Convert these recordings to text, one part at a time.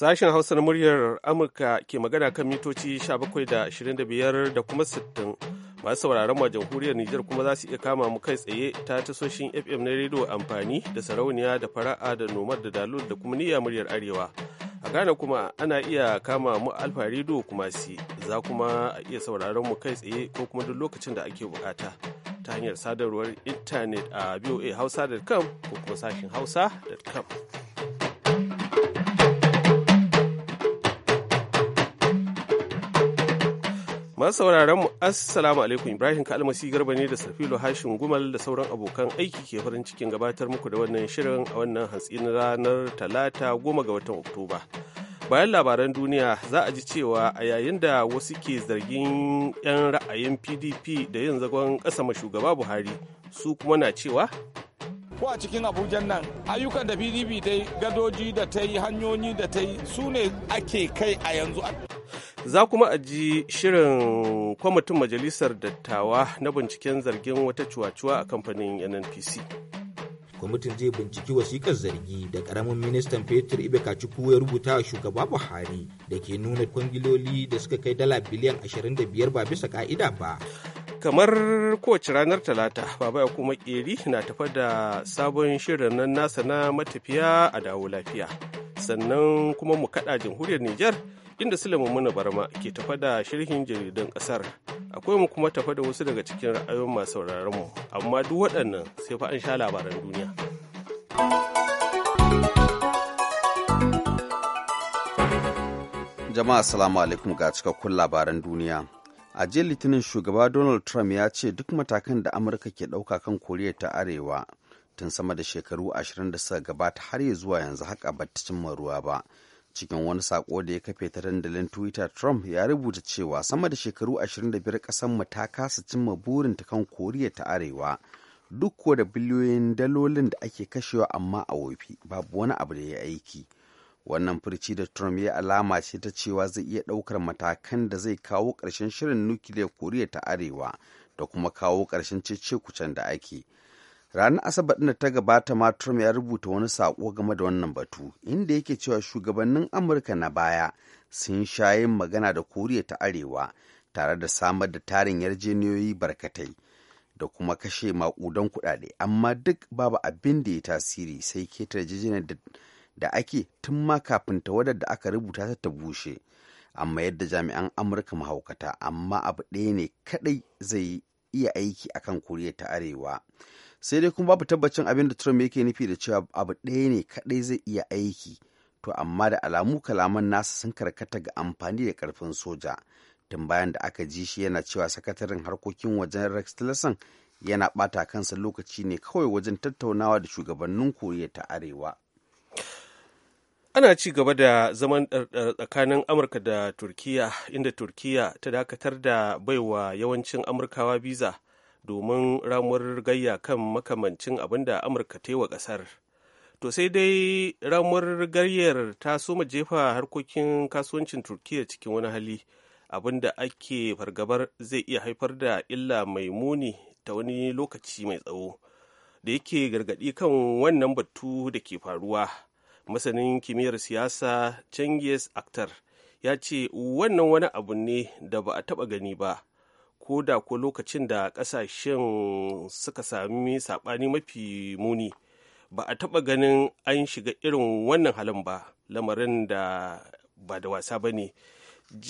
Sashen Hausa na muryar Amurka ke magana kan mitoci 17.25 da da kuma 60. Masu sauraron mu jamhuriyar Nijar kuma za su iya kama mu kai tsaye ta tasoshin FM na rediyo amfani da sarauniya da fara'a da nomad da dalol da kuma niyya muryar Arewa. A Ghana kuma ana iya kama mu alfa rediyo kuma si za kuma a iya sauraron mu kai tsaye ko kuma duk lokacin da ake bukata ta hanyar sadarwar intanet a voahausa.com ko kuma sashen hausa.com. Masu sauraron mu assalamu alaikum Ibrahim Kalmasi Garba ne da Safilo Hashin Gumal da sauran abokan aiki ke farin cikin gabatar muku da wannan shirin a wannan hantsi na ranar Talata goma ga watan Oktoba. Bayan labaran duniya za a ji cewa a yayin da wasu ke zargin 'yan ra'ayin PDP da yin zagon kasa ma shugaba Buhari su kuma na cewa ko a cikin abuja nan ayyukan da pdp ta yi gadoji da ta yi hanyoyi da ta yi su ne ake kai a yanzu za kuma a ji shirin kwamitin majalisar dattawa na binciken zargin wata cuwacuwa a kamfanin nnpc kwamitin zai binciki wasikar zargi da karamin ministan fetur ibe kacuku ya rubuta wa shugaba buhari da ke nuna kwangiloli da suka kai dala biliyan 25 ba bisa ka'ida ba kamar kowace ranar talata baba kuma keri na tafa da sabon shirin nan nasa na matafiya a dawo lafiya sannan kuma mu kada jamhuriyar Nijar? inda Sulaiman Muna Barma ke tafa da shirhin jaridan ƙasar. Akwai mu kuma tafa da wasu daga cikin ra'ayoyin masu sauraron mu, amma duk waɗannan sai fa an sha labaran duniya. Jama'a salamu alaikum ga cikakkun labaran duniya. A jiya Litinin shugaba Donald Trump ya ce duk matakan da Amurka ke ɗauka kan Koriya ta Arewa tun sama da shekaru ashirin da suka gabata har ya zuwa yanzu haka ba ta cimma ruwa ba cikin wani sako da ya kafe ta dandalin twitter trump ya rubuta cewa sama da shekaru 25 kasan mu ta kasa cimma burin ta kan koriya ta arewa duk ko da biliyoyin dalolin da ake kashewa amma a wofi babu wani abu da ya aiki wannan firci da trump ya alama ce ta cewa zai iya daukar matakan da zai kawo karshen shirin nukiliyar koriya ta arewa da kuma kawo karshen cece kucen da ake ranar asabar da ta gabata ma trump ya rubuta wani sako game da wannan batu inda yake cewa shugabannin amurka na baya sun sha yin magana da koriya ta arewa tare da samar da tarin yarjeniyoyi barkatai da kuma kashe maƙudan kuɗaɗe amma duk babu abin da ya tasiri sai keta da ake tun ma kafin tawadar da aka rubuta ta ta bushe amma yadda jami'an amurka mahaukata amma abu ɗaya ne kaɗai zai iya aiki akan koriya ta arewa sai dai kuma babu tabbacin abin da trump yake nufi da cewa abu ɗaya ne kaɗai zai iya aiki to amma da alamu kalaman nasa sun karkata ga amfani da karfin soja tun bayan da aka ji shi yana cewa sakataren harkokin wajen rex tillerson yana ɓata kansa lokaci ne kawai wajen tattaunawa da shugabannin koriya ta arewa ana ci gaba da zaman tsakanin amurka da turkiyya inda turkiya ta dakatar da baiwa yawancin amurkawa biza domin ramuwar gayya kan makamancin abin da amurka ta yi wa ƙasar to sai dai ramuwar gayyar ta soma jefa harkokin kasuwancin turkiya cikin wani hali abin da ake fargabar zai iya haifar da illa mai muni ta wani lokaci mai tsawo da yake gargaɗi kan wannan batu da ke faruwa masanin kimiyyar siyasa changes actor ya ce wannan wani abu ne da ba a taɓa gani ba ko da ko lokacin da kasashen suka sami saɓani mafi muni ba a taɓa ganin an shiga irin wannan halin ba lamarin da ba da wasa ba ne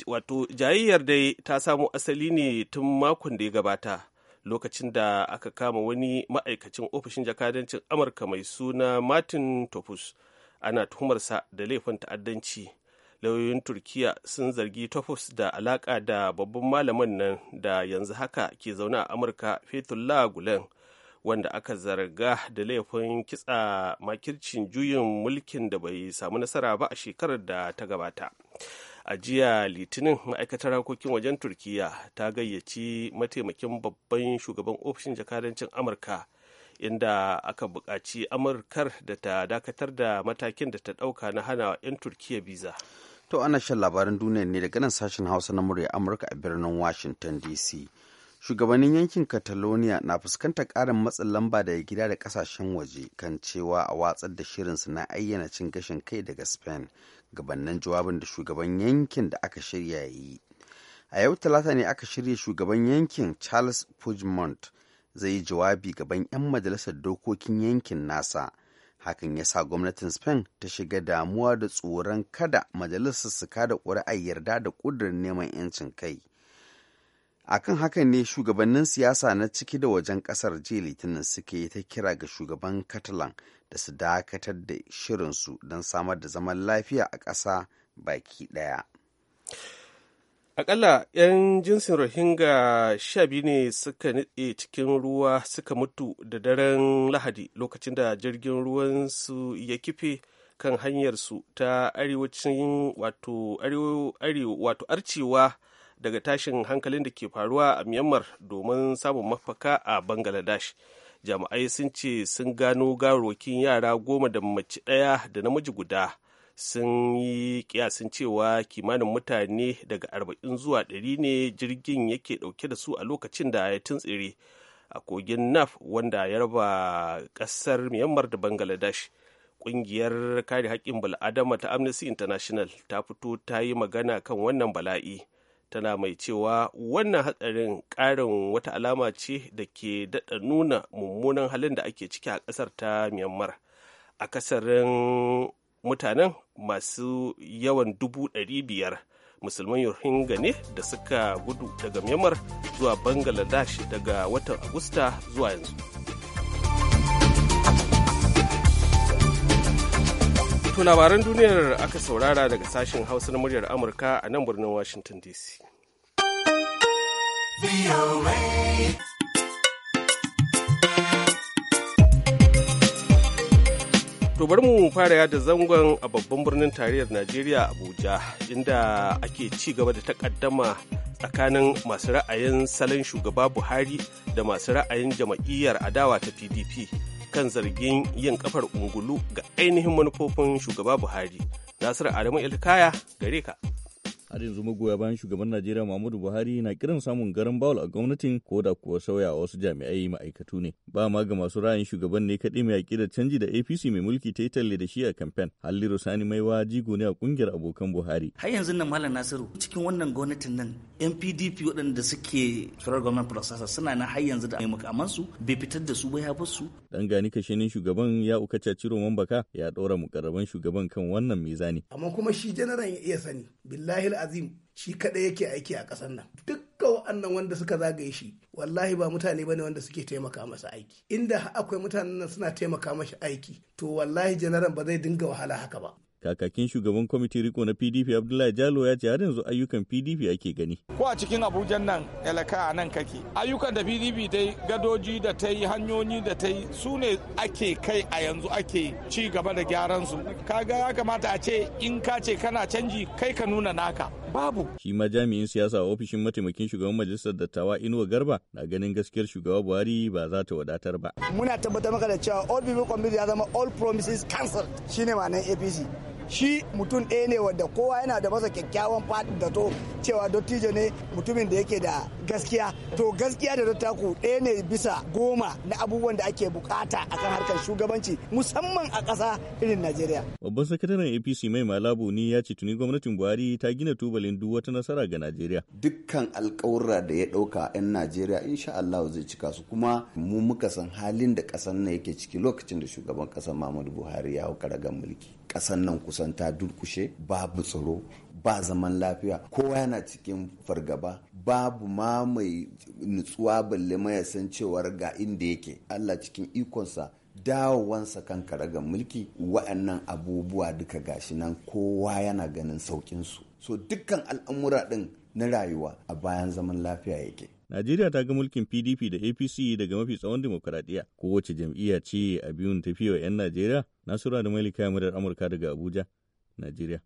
wato jayayyar dai ta samu asali ne tun makon da ya gabata lokacin da aka kama wani ma'aikacin ofishin jakadancin amurka mai suna martin topus ana tuhumarsa da laifin ta'addanci lauyoyin turkiya sun zargi tofus da alaka da babban malamin nan da yanzu haka ke zaune a amurka fetullah gulen wanda aka zarga da laifin kitsa makircin juyin mulkin da bai samu nasara ba a shekarar da ta gabata a jiya litinin ma'aikatar harkokin wajen turkiya ta gayyaci mataimakin babban shugaban ofishin jakadancin amurka inda aka buƙaci amurkar da ta dakatar da matakin da ta ɗauka na hana 'yan turkiya biza To ana shan labaran duniya ne daga nan sashen Hausa na murya Amurka a birnin Washington DC. Shugabannin yankin Catalonia na fuskantar ƙarin matsin lamba da daga gida da ƙasashen waje kan cewa a watsar da shirinsu na ayyana cin gashin kai daga Spain gabannin jawabin da shugaban yankin da aka shirya yi. A yau talata ne aka shirya shugaban yankin Charles Puigdemont zai yi jawabi gaban 'yan majalisar dokokin yankin nasa. hakan ya sa gwamnatin spain ta shiga damuwa da tsoron kada majalisar su kada ƙuri'ar yarda da ƙudurin neman 'yancin kai akan hakan ne shugabannin siyasa na ciki da wajen kasar jiya litinin suke ta kira ga shugaban catalan da su dakatar da shirinsu don samar da zaman lafiya a ƙasa baki ɗaya. Akalla 'yan jinsin Rohingya sha biyu ne suka nitse cikin ruwa suka mutu da daren Lahadi lokacin da jirgin ruwansu ya kife kan hanyarsu ta arewacin wato arcewa daga tashin hankalin da ke faruwa a Myanmar domin samun mafaka a Bangladesh. Jami'ai sun ce sun gano garokin yara goma da mace ɗaya da namiji guda. sun yi kiyasin cewa kimanin mutane daga arba'in zuwa ɗari ne jirgin yake ɗauke da su a lokacin da ya tuntsire a kogin naf wanda ya raba kasar myanmar da bangladesh Ƙungiyar kare haƙƙin bal'adama ta amnesty international ta fito ta yi magana kan wannan bala'i tana mai cewa wannan hatsarin ƙarin wata alama ce da ke daɗa nuna mummunan halin da ake ciki a ƙasar ta myanmar akasarin mutanen masu yawan dubu ɗari biyar musulman rohingya ne da suka gudu daga myanmar zuwa bangladesh daga watan agusta zuwa yanzu To labaran duniyar aka saurara daga sashen hausa na muryar amurka a nan birnin washington dc. To bari mu fara yada zangon a babban birnin tarayyar Najeriya Abuja inda ake ci gaba da takaddama tsakanin masu ra'ayin salon shugaba Buhari da masu ra'ayin jama'iyyar adawa ta PDP kan zargin yin kafar ungulu ga ainihin manufofin shugaba Buhari. Nasiru Adamu Ilkaya gare ka. har yanzu magoya bayan shugaban Najeriya Muhammadu Buhari na kiran samun garan bawul a gwamnatin ko da kuwa sauya wasu jami'ai ma'aikatu ne. Ba ma ga masu ra'ayin shugaban ne kaɗai mai yaƙi da canji da APC mai mulki ta yi talle da shi a kamfen. Halliru Sani Maiwa jigo ne a ƙungiyar abokan Buhari. Har yanzu nan Malam Nasiru cikin wannan gwamnatin nan NPDP waɗanda suke tsoron gwamnan Processor suna na har yanzu da mukamansu bai fitar da su ba ya su. Dan gani kashenin shugaban ya ukaca ciro baka ya mu mukarraban shugaban kan wannan mizani. Amma kuma shi jeneral ya iya sani. Billahi azim shi kaɗai yake aiki a ƙasar nan dukka wa'annan wanda suka zagaye shi wallahi ba mutane bane wanda suke taimaka masa aiki inda akwai mutanen nan suna taimaka masa aiki to wallahi janaran ba zai dinga wahala haka ba kakakin shugaban kwamitin riko na pdp abdullahi jalo ya ce har yanzu ayyukan pdp ake gani ko a cikin abuja nan elaka a nan kake ayyukan da pdp dai gadoji da ta yi hanyoyi da ta yi su ne ake kai a yanzu ake ci gaba da gyaran su kaga ya kamata a ce in ka ce kana canji kai ka nuna naka babu shi ma jami'in siyasa a ofishin mataimakin shugaban majalisar dattawa inuwa garba na ganin gaskiyar shugaba buhari ba za ta wadatar ba muna tabbatar maka da cewa all people committee ya zama all promises cancelled shine ma'anar apc shi mutum ɗaya ne wanda kowa yana da masa kyakkyawan fadin da to cewa dottijo ne mutumin da yake da gaskiya to gaskiya da dattaku ɗaya ne bisa goma na abubuwan da ake bukata a kan harkar shugabanci musamman a ƙasa irin najeriya babban sakataren apc mai malabu ni ya ce tuni gwamnatin buhari ta gina tubalin duk wata nasara ga najeriya dukkan alkawura da ya ɗauka 'yan najeriya insha allahu zai cika su kuma mu muka san halin da ƙasar nan yake ciki lokacin da shugaban ƙasar muhammadu buhari ya hau karagan mulki ƙasan nan kusan ta durkushe babu tsaro ba zaman lafiya kowa yana cikin fargaba babu ma mai nutsuwa balle ya san cewar ga inda yake allah cikin ikonsa dawowansa kan karagar mulki wa'annan abubuwa duka gashi nan kowa yana ganin saukinsu so dukkan al'amura din. na rayuwa a bayan zaman lafiya yake. Najeriya ta ga mulkin PDP da APC daga mafi tsawon demokuraɗiyya kowace jam'iyya ce a biyun tafiya 'yan Najeriya Nasura da Malika murar Amurka daga Abuja, Najeriya.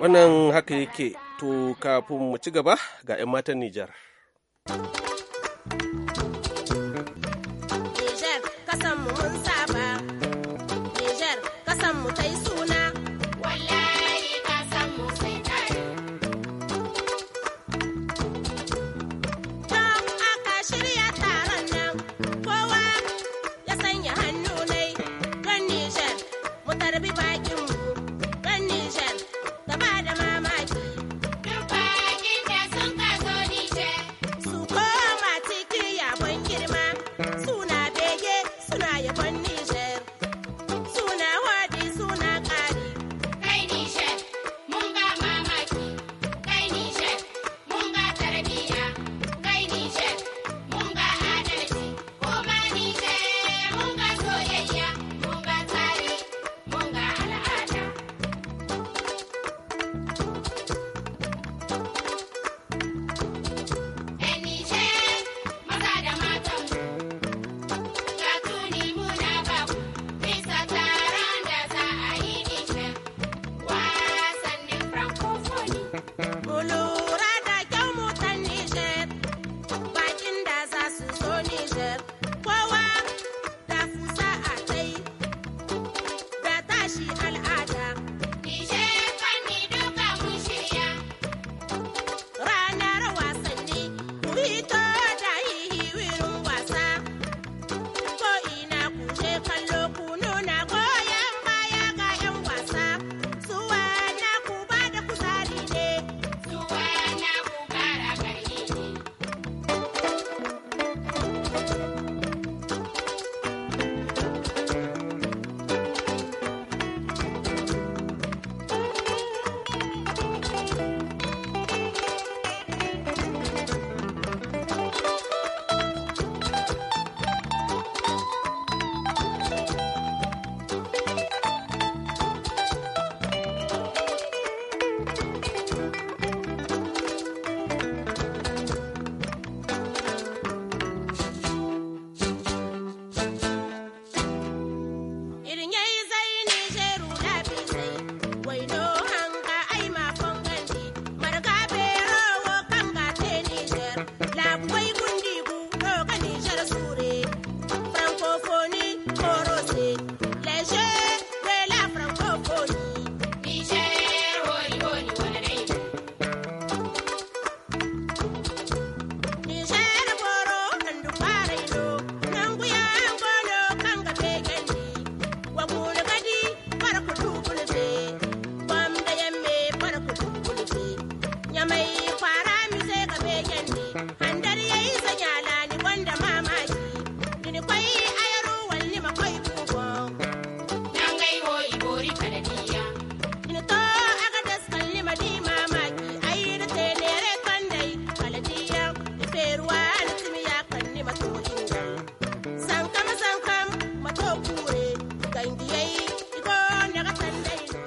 Wannan haka yake to kafin mu ci gaba ga 'yan matan Nijar.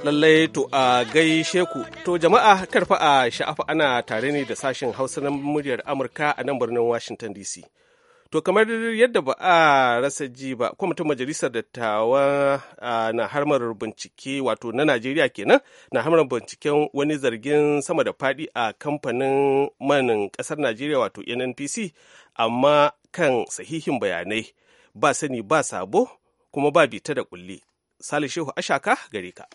lallai to a gaishe ku to jama'a karfa a sha'afa ana tare ne da sashen hausa na muryar amurka a nan birnin washington dc to kamar yadda ba a rasa ji ba kwamitin majalisar dattawa na harmar bincike wato na najeriya kenan na harmar binciken wani zargin sama da fadi a kamfanin manin kasar najeriya wato nnpc amma kan sahihin bayanai ba sani ba sabo kuma ba bita da kulle salishehu ashaka gare ka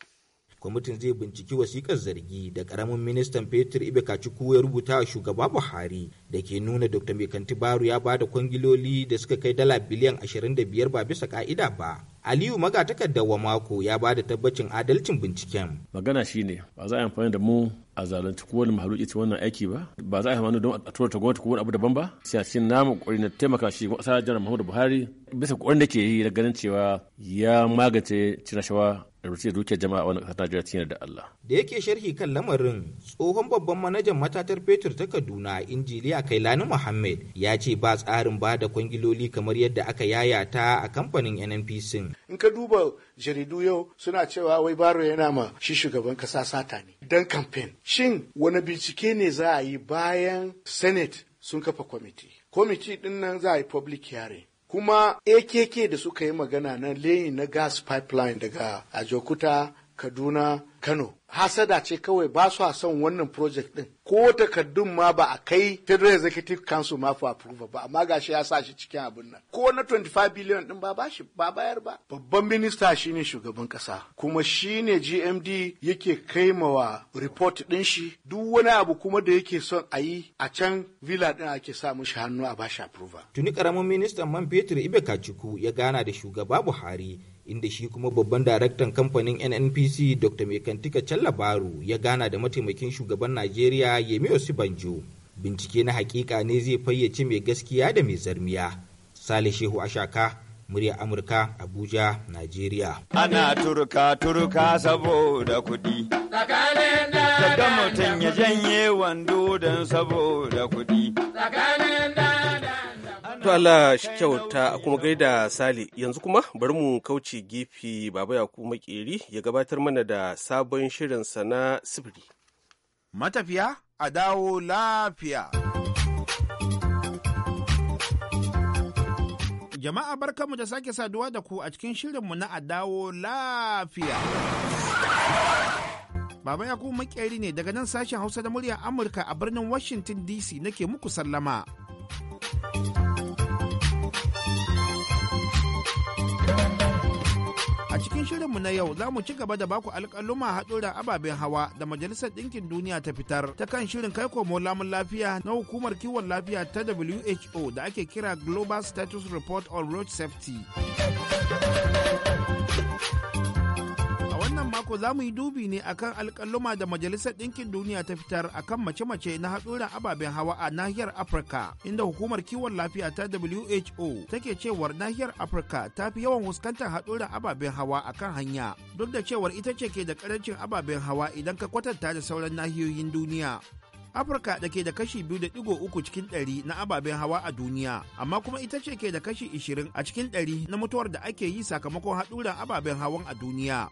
kwamitin zai binciki wasikar zargi da karamin ministan fetur ibe kacuku ya rubuta wa shugaba buhari da ke nuna dr mai kantibaru ya ba da kwangiloli da suka kai dala biliyan 25 ba bisa ka'ida ba Aliyu magatakarda wa mako ya ba da tabbacin adalcin binciken. Magana shi ne ba za a yi amfani da mu a zalunci ko wani mahaluki ta wannan aiki ba ba za a yi amfani don a tura ta gwamnati ko wani abu daban ba sai a cikin namu kokari na taimaka shi masana jiran Buhari bisa kwarin da ke yi na ganin cewa ya magance cina shawa da rufe dukiyar jama'a wani ƙasar Najeriya cikin da Allah. Da yake sharhi kan lamarin tsohon babban manajan matatar fetur ta Kaduna injiliya Kailani Muhammad ya ce ba tsarin ba da kwangiloli kamar yadda aka yaya ta a kamfanin NNPC in ka duba jaridu yau suna cewa wai baro yana ma shi shugaban kasa sata ne dan kamfen shin wani bincike ne za a yi bayan senate sun kafa kwamiti kwamiti din nan za a yi public hearing kuma akk da suka yi magana na leyi na gas pipeline daga ajokuta kaduna kano hasada ce kawai ba su son wannan project din ko takardun ma ba a kai federal executive council ma fa approve ba amma gashi ya sa shi cikin abin nan ko na 25 billion din ba bashi ba bayar ba babban minista shine shugaban kasa kuma shine gmd yake kaimawa report din shi duk wani abu kuma da yake son a yi a can villa din ake sa mushi hannu a bashi approval tuni karamin ministan man fetur ibe Kachiku ya gana da shugaba buhari inda shi kuma babban daraktan kamfanin nnpc dr mekantika challabaru ya gana da mataimakin shugaban najeriya yemi osibanjo bincike na hakika ne zai fayyace mai gaskiya da mai zarmiya sale shehu ashaka murya amurka abuja najeriya ana turka turka saboda kudi da mutum ya janye wando don saboda kudi To Allah shi kyauta kuma gaida Sali yanzu kuma bari mu kauce gefe Baba Yakubu Makeri ya gabatar mana da sabon shirinsa na sifiri. Matafiya a dawo lafiya. Jama'a barkanmu da sake saduwa da ku a cikin shirinmu na a dawo lafiya. Baba Yakubu Makeri ne daga nan sashen Hausa da muryar Amurka a birnin Washington DC nake muku sallama. a cikin shirinmu na yau za mu ci gaba da baku alƙaluma da ababen hawa da Majalisar Ɗinkin Duniya ta fitar ta kan shirin kai komo lamun lafiya na hukumar kiwon lafiya ta WHO da ake kira Global Status Report on Road Safety. mako za mu yi dubi ne akan alkaluma da Majalisar Ɗinkin Duniya ta fitar akan mace-mace na haɗuran ababen hawa a nahiyar Afirka, inda hukumar kiwon lafiya ta WHO take cewar nahiyar Afirka ta fi yawan fuskantar haɗuran ababen hawa akan hanya, duk da cewar ita ce ke da ƙarancin ababen hawa idan ka kwatanta da sauran nahiyoyin duniya. Afirka da ke da kashi biyu da ɗigo uku cikin ɗari na ababen hawa a duniya, amma kuma ita ce ke da kashi ishirin a cikin ɗari na mutuwar da ake yi sakamakon haɗuran ababen hawan a duniya.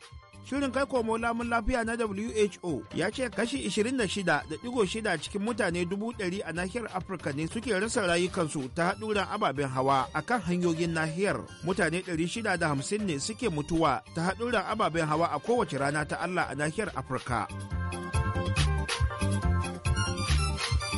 Shirin kai komo lamun lafiya na WHO ya ce kashi 26.6 cikin mutane 100 a nahiyar Afirka ne suke rasa rayukansu ta haɗuran ababen hawa a kan hanyoyin nahiyar. Mutane 650 ne suke mutuwa ta haɗuran ababen hawa a kowace rana ta Allah a nahiyar Afirka.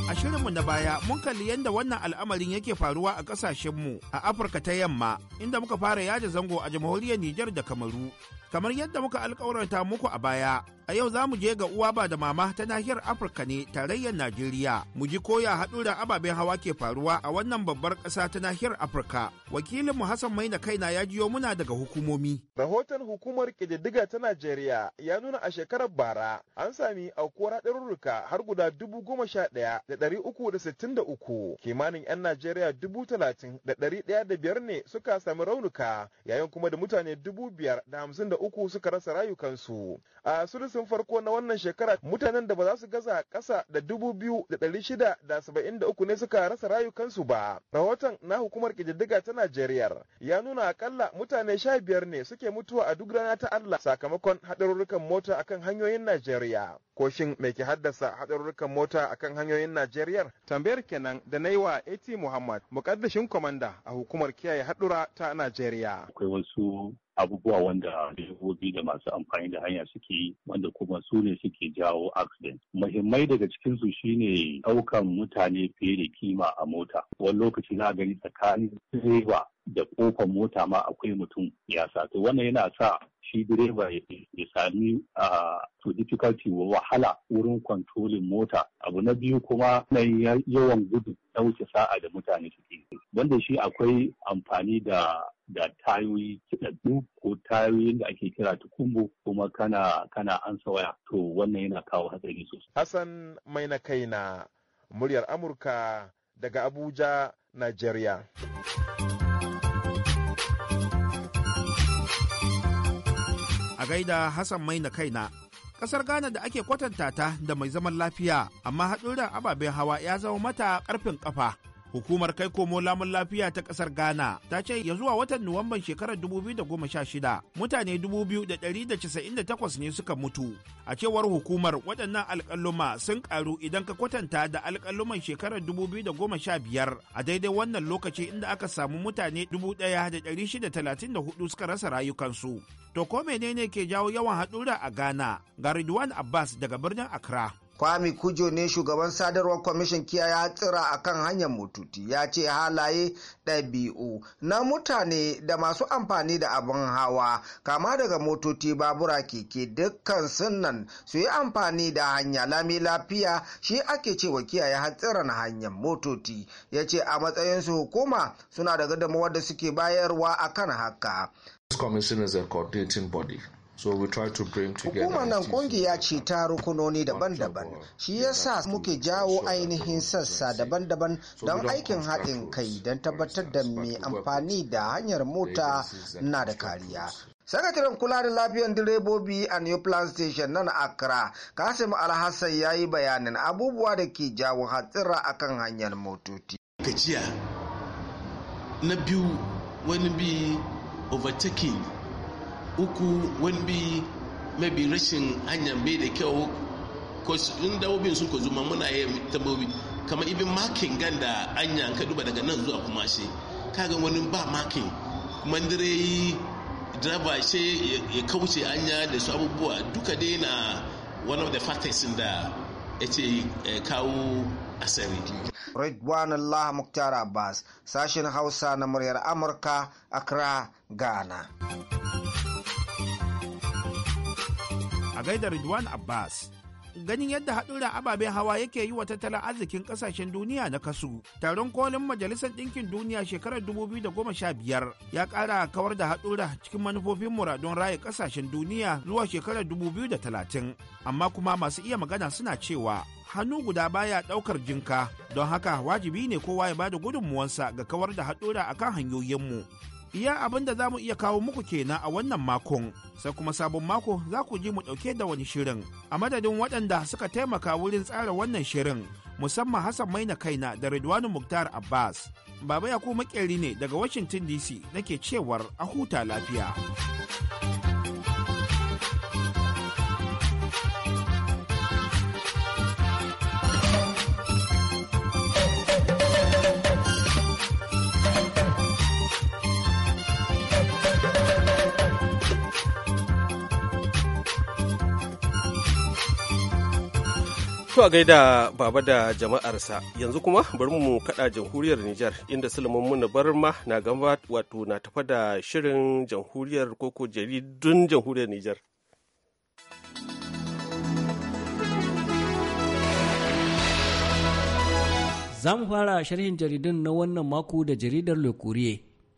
A shirinmu na baya mun kalli yadda wannan al'amarin yake faruwa a ƙasashenmu a Afirka ta yamma inda muka fara yaje zango a jamhuriyar Nijar da Kamaru. Kamar yadda muka alkawarta muku a baya, A yau za mu je ga uwa ba da mama ta nahiyar Afirka ne tarayyar Najeriya. Mu ji koya da ababen hawa ke faruwa a wannan babbar ƙasa ta nahiyar Afirka. Wakilinmu Hassan mai na kaina ya jiyo muna daga hukumomi. Rahoton hukumar ƙididdiga ta Najeriya ya nuna a shekarar bara an sami aukuwar haɗarurruka har guda dubu goma sha ɗaya da ɗari uku da sittin da uku. Kimanin 'yan Najeriya dubu talatin da ɗari ɗaya da biyar ne suka sami raunuka yayin kuma da mutane dubu biyar da hamsin da uku suka rasa rayukansu. A sulusun kasafin farko na wannan shekara mutanen da ba za su gaza ƙasa da dubu biyu da ɗari shida da saba'in da uku ne suka rasa rayukansu ba. Rahoton na hukumar ƙididdiga ta Najeriya ya nuna akalla mutane sha biyar ne suke mutuwa a duk rana ta Allah sakamakon haɗarurrukan mota akan hanyoyin Najeriya. Koshin mai ke haddasa haɗarurrukan mota akan hanyoyin Najeriya? Tambayar kenan da na yi wa AT Muhammad, muƙaddashin kwamanda a hukumar kiyaye haɗura ta Najeriya. Akwai wasu abubuwa wanda direbobi da masu amfani da hanya suke yi wanda kuma su ne suke jawo accident. Muhimmai daga cikin su shine ɗaukan mutane fiye da kima a mota. Wani lokaci na gani tsakanin direba da kofar mota ma akwai mutum ya sa to wannan yana sa shi direba ya sami to difficulty wahala wurin kwantolin mota abu na biyu kuma na yawan gudu na sa'a da mutane suke banda shi akwai amfani da da tayoyi kiɗaɗɗu ko tayoyin da ake kira tukumbo kuma kana kana ansa waya to wannan yana kawo hatsari sosai hassan mai na kai na muryar amurka daga abuja nigeria gaida Hassan mai na kaina. Kasar Ghana da ake kwatanta ta da mai zaman lafiya, amma haɗuran ababen hawa ya zama mata ƙarfin ƙafa. Hukumar kai komo lamun lafiya ta kasar Ghana ta ce ya zuwa watan Nuwamban shekarar 2016 mutane 2,198 ne suka mutu. A cewar hukumar waɗannan alƙaluma sun ƙaru idan ka kwatanta da alƙaluman shekarar 2015 a daidai wannan lokaci inda aka samu mutane 1,634 suka rasa rayukansu. To ko menene ke jawo yawan haɗura a Ghana? Ga Ridwan Abbas daga birnin Accra. kwami kujo ne shugaban sadarwar kwamishin kiyaye hatsira a kan hanyar mututi ya ce halaye ɗabi'u na mutane da masu amfani da abin hawa kama daga motoci babura keke dukkan sunan su yi amfani da hanya lami lafiya shi ake cewa kiyaye hatsiran hanyar motoci ya ce a matsayinsu hukuma suna da gadamawar da suke bayarwa akan haka. This commission is a coordinating body so we try to bring together hukumar nan kungiya ce ta rukunoni daban-daban shi yasa muke jawo ainihin sassa daban-daban don aikin haɗin kai don tabbatar da mai amfani da hanyar mota na da kariya sakataren kula da lafiyar direbobi a new plan station nan accra kasim alhassan ya yi bayanin abubuwa da ke jawo hatsira kan hanyar motoci gajiya na biyu wani bi overtaking uku wani bi maybe rashin hanyar bai da kyau ko in dawobin sun ko zuma muna yin tambobi kamar ibin makin ganda anya ka duba daga nan zuwa kuma shi kaga wani ba makin kuma yi driver shi ya kauce anya da su abubuwa duka dai na one of the factors da ya ce eh, kawo asari Ridwan Allah Muktar Abbas sashen Hausa na muryar Amurka akra Ghana gaida Ridwan Abbas. Ganin yadda haɗura ababen hawa yake yi wa tattalin arzikin ƙasashen duniya na kasu, taron kolin Majalisar Ɗinkin Duniya shekarar 2015 ya ƙara kawar da haɗura cikin manufofin muradun raye ƙasashen duniya zuwa shekarar 2030. Amma kuma masu iya magana suna cewa hannu guda baya ɗaukar jinka, don haka wajibi ne kowa ya bada gudunmuwansa ga kawar da a kan hanyoyinmu. Iya abin da za mu iya kawo muku kenan a wannan makon, sai kuma sabon mako za ku ji mu ɗauke da wani shirin. A madadin waɗanda suka taimaka wurin tsara wannan shirin, musamman Hassan Maina Kaina da Ridwanu Muktar Abbas. Baba Yakubu Makeri ne daga Washington DC nake cewar a huta lafiya. To a gaida baba da jama'arsa yanzu kuma bari mu kada jamhuriyar Nijar inda Sulaiman Muna Barma na gamba wato na tafa da shirin jamhuriyar koko jaridun jamhuriyar Nijar. Za mu fara sharhin jaridun na wannan mako da jaridar Le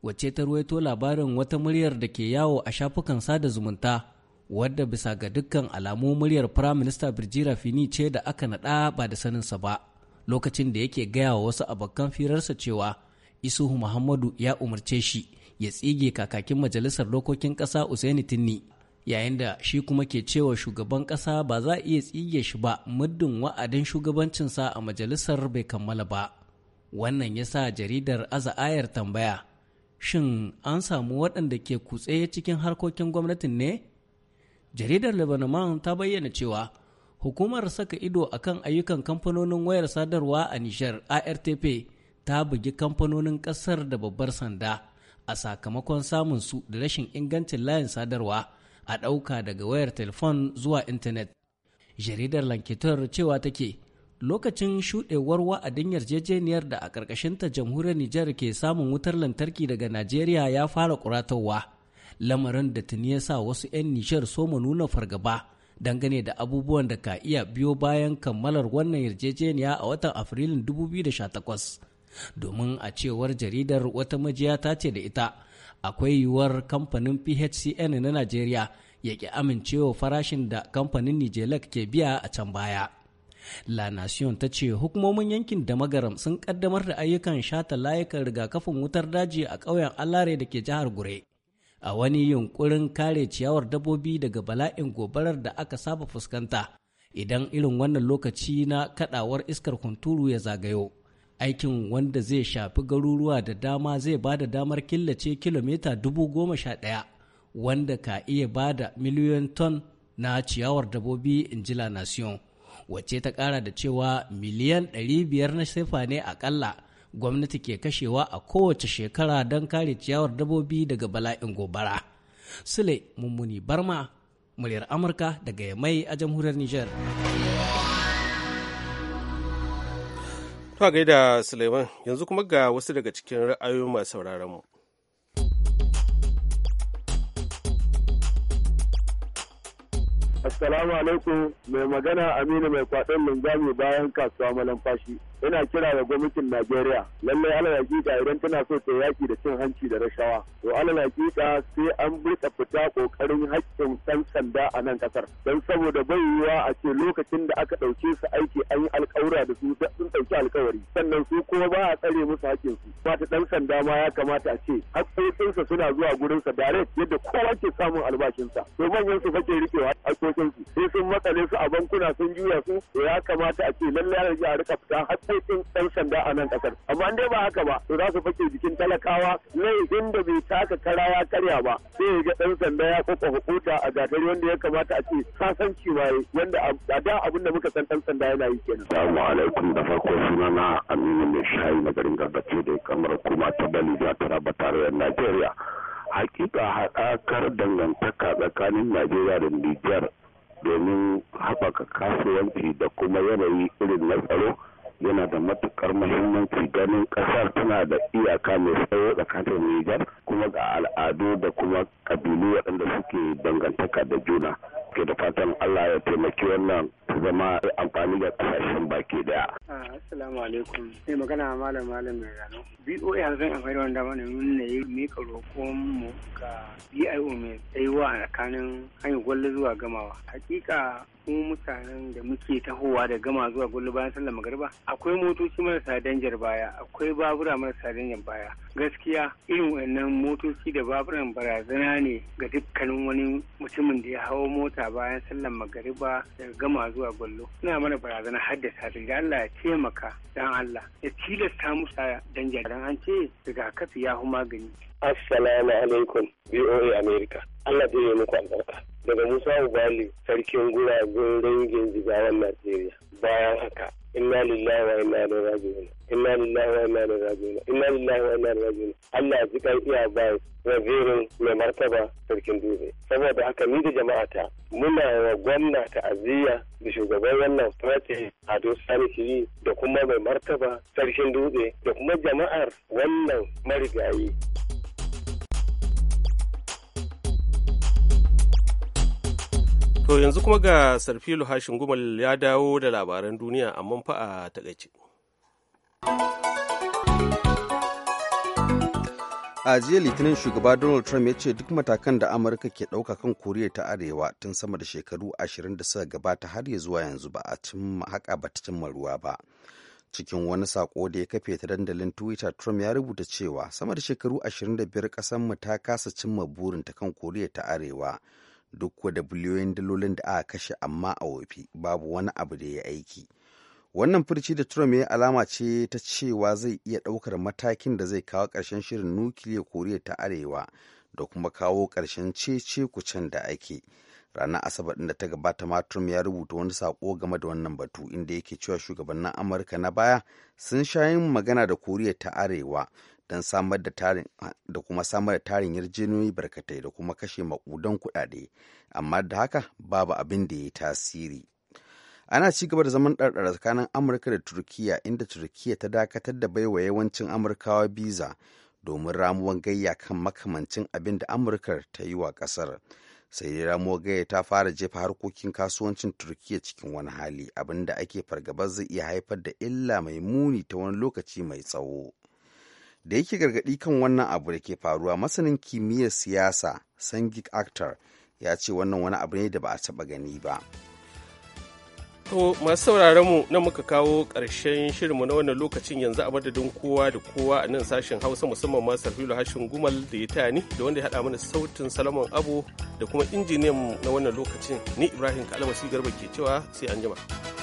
wacce ta ruwaito labarin wata muryar da ke yawo a shafukan sada zumunta wadda bisa ga dukkan alamu muryar firaminista birjira fini ce da aka naɗa ba da saninsa ba lokacin da yake gaya wa wasu abokan firarsa cewa isuhu muhammadu ya umarce shi ya tsige kakakin majalisar dokokin ƙasa usaini tinni yayin da shi kuma ke cewa shugaban ƙasa ba za a iya tsige shi ba muddin wa'adin shugabancinsa a majalisar bai kammala ba wannan ya sa jaridar aza'ayar tambaya shin an samu waɗanda ke kutse cikin harkokin gwamnatin ne jaridar lebanon ta bayyana cewa hukumar saka ido a kan ayyukan kamfanonin wayar sadarwa a nishar artp ta bugi kamfanonin kasar da babbar sanda a sakamakon samun su da rashin ingancin layin sadarwa a ɗauka daga wayar telefon zuwa intanet jaridar lankitar cewa take lokacin shuɗewar wa'adin yarjejeniyar da a ƙarƙashinta jamhuriyar nijar ke samun wutar lantarki daga najeriya ya fara ƙuratowa lamarin da tuni ya sa wasu 'yan nishar so mu nuna fargaba dangane da abubuwan da ka iya biyo bayan kammalar wannan yarjejeniya a watan afrilun 2018 domin a cewar jaridar wata majiya ta ce da ita akwai yiwuwar kamfanin phcn na najeriya ya ki amincewa farashin da kamfanin nijelak ke biya a can baya La Nation ta ce hukumomin yankin da magaram sun kaddamar da ayyukan shata layukan rigakafin wutar daji a ƙauyen Alare da ke jihar Gure. a wani yunkurin kare ciyawar dabbobi daga bala'in gobarar da aka saba fuskanta idan irin wannan lokaci na kadawar iskar hunturu ya zagayo aikin wanda zai shafi garuruwa da dama zai ba da damar killace kilomita dubu goma sha ɗaya wanda ka iya ba da miliyon ton na ciyawar dabobi in ji nation wacce ta kara da cewa miliyan 500 na sefa ne akalla gwamnati ke kashewa a kowace shekara don kare ciyawar dabbobi daga bala'in gobara. Sule Mummuni Barma, muryar Amurka daga Yamai a jamhuriyar Nijar. Tuwa gaida Suleiman yanzu kuma ga wasu daga cikin ra'ayoyin masu sauraron mu. Assalamu alaikum mai magana Aminu mai kwaɗon linzami bayan kasuwa malamfashi. ina kira ga gwamnatin Najeriya lallai alal hakika idan tana so ta yaki da cin hanci da rashawa to alal hakika sai an burka fita kokarin haƙƙin san sanda a nan kasar Dan saboda bai yiwuwa a ce lokacin da aka ɗauke su aiki an yi alƙawura da su sun ɗauki alƙawari sannan su kuma ba a tsare musu haƙƙin su ba ta ɗan sanda ma ya kamata a ce haƙƙoƙinsa suna zuwa sa direct yadda kowa ke samun albashinsa to manyan su fake rikewa su sai sun matsale su a bankuna sun juya su to ya kamata a ce lallai a rika fita haƙƙin kai ɗin ɗan sanda a nan ƙasar amma dai ba haka ba to za su fake jikin talakawa laifin da bai taka kara ya karya ba sai ga ɗan sanda ya kofa hukuta a gatari wanda ya kamata a ce sasanci yi wanda a da abin da muka san ɗan sanda yana yi kenan. Assalamu alaikum da farko na Aminu Mai Shayi na garin Garbace da kamar kuma ta Bali za ta raba tarayyar Najeriya. Hakika haɗakar dangantaka tsakanin Najeriya da Nijar domin haɓaka kasuwanci da kuma yanayi irin na tsaro yana da matukar muhimmanci ganin kasar tana da iyaka mai tsawo tsakanin Nijar kuma ga al'adu da kuma kabilu waɗanda suke dangantaka da juna. Ke da fatan Allah ya taimaki wannan zama amfani da kasashen baki daya. Ah, assalamu alaikum. Sai magana malam malam mai rano. BOA hanzar amfani da wanda mana nuna yi mika roƙon mu ga BIO mai tsayuwa a tsakanin hanyar gwallo zuwa gamawa. Hakika mu mutanen da muke tahowa da gama zuwa gullu bayan sallar magariba akwai motoci marasa danjar baya akwai babura marasa danjar baya gaskiya irin wannan motoci da baburan barazana ne ga dukkanin wani mutumin da ya hawo mota bayan sallar magariba daga gama zuwa gullu suna mana barazana haddasa da Allah ya taimaka dan Allah ya tilasta musu danjar dan an ce rigakafi ya hu magani assalamu alaikum voa america Allah zai yi muku albarka daga musa ubali sarkin guragun rangin jigawan najeriya bayan haka inna lillahi wa inna ilaihi raji'un inna lillahi wa inna ilaihi raji'un inna lillahi wa inna ilaihi raji'un Allah ji kan iya bai wazirin mai martaba sarkin dutse saboda haka ni da jama'ata muna wa gwamna ta'aziyya da shugaban wannan fati Ado Sani Kiri da kuma mai martaba sarkin dutse da kuma jama'ar wannan marigayi To yanzu kuma ga Sarfilu Hashin Gumal ya dawo da labaran duniya amma fa a takaice. a jiya litinin shugaba donald trump ya ce duk matakan da amurka ke ɗauka kan koriya ta arewa tun sama da shekaru ashirin da suka gabata har ya zuwa yanzu ba a cimma haka ba ta cimma ruwa ba cikin wani sako da ya kafe ta dandalin twitter trump ya rubuta cewa sama da shekaru 25 ƙasar mu ta kasa cimma burinta kan koriya ta arewa duk da biliyoyin dalolin da aka kashe amma a wofi babu wani abu da ya aiki wannan furci da trump ya alama ce ta cewa zai iya ɗaukar matakin da zai kawo ƙarshen shirin nukiliya koriya ta arewa da kuma kawo ƙarshen cece kucen da ake ranar asabar ɗin da ta gabata ma trump ya rubuta wani sako game da wannan batu inda yake cewa shugabannin amurka na baya sun sha yin magana da koriya ta arewa don samar da tarin da kuma samar da tarin yarjejeniyoyi barkatai da kuma kashe makudan kuɗaɗe amma da haka babu abin da ya yi tasiri ana ci gaba da zaman ɗarɗara tsakanin amurka da turkiya inda turkiya ta dakatar da baiwa yawancin amurkawa biza domin ramuwan gayya kan makamancin abin da amurka ta yi wa ƙasar sai dai ramuwar gayya ta fara jefa harkokin kasuwancin turkiya cikin wani hali abin da ake fargabar zai iya haifar da illa mai muni ta wani lokaci mai tsawo da yake gargaɗi kan wannan abu da ke faruwa masanin kimiyyar siyasa sangik actor ya ce wannan wani abu ne da ba a taba gani ba To masu sauraron mu nan muka kawo ƙarshen shirinmu na wannan lokacin yanzu a madadin kowa da kowa a nan sashen Hausa musamman ma Sarfilo Hashin Gumal da ya taya ni da wanda ya haɗa mana sautin Salaman Abu da kuma injiniyan na wannan lokacin ni Ibrahim Kalamasi Garba ke cewa sai an jima.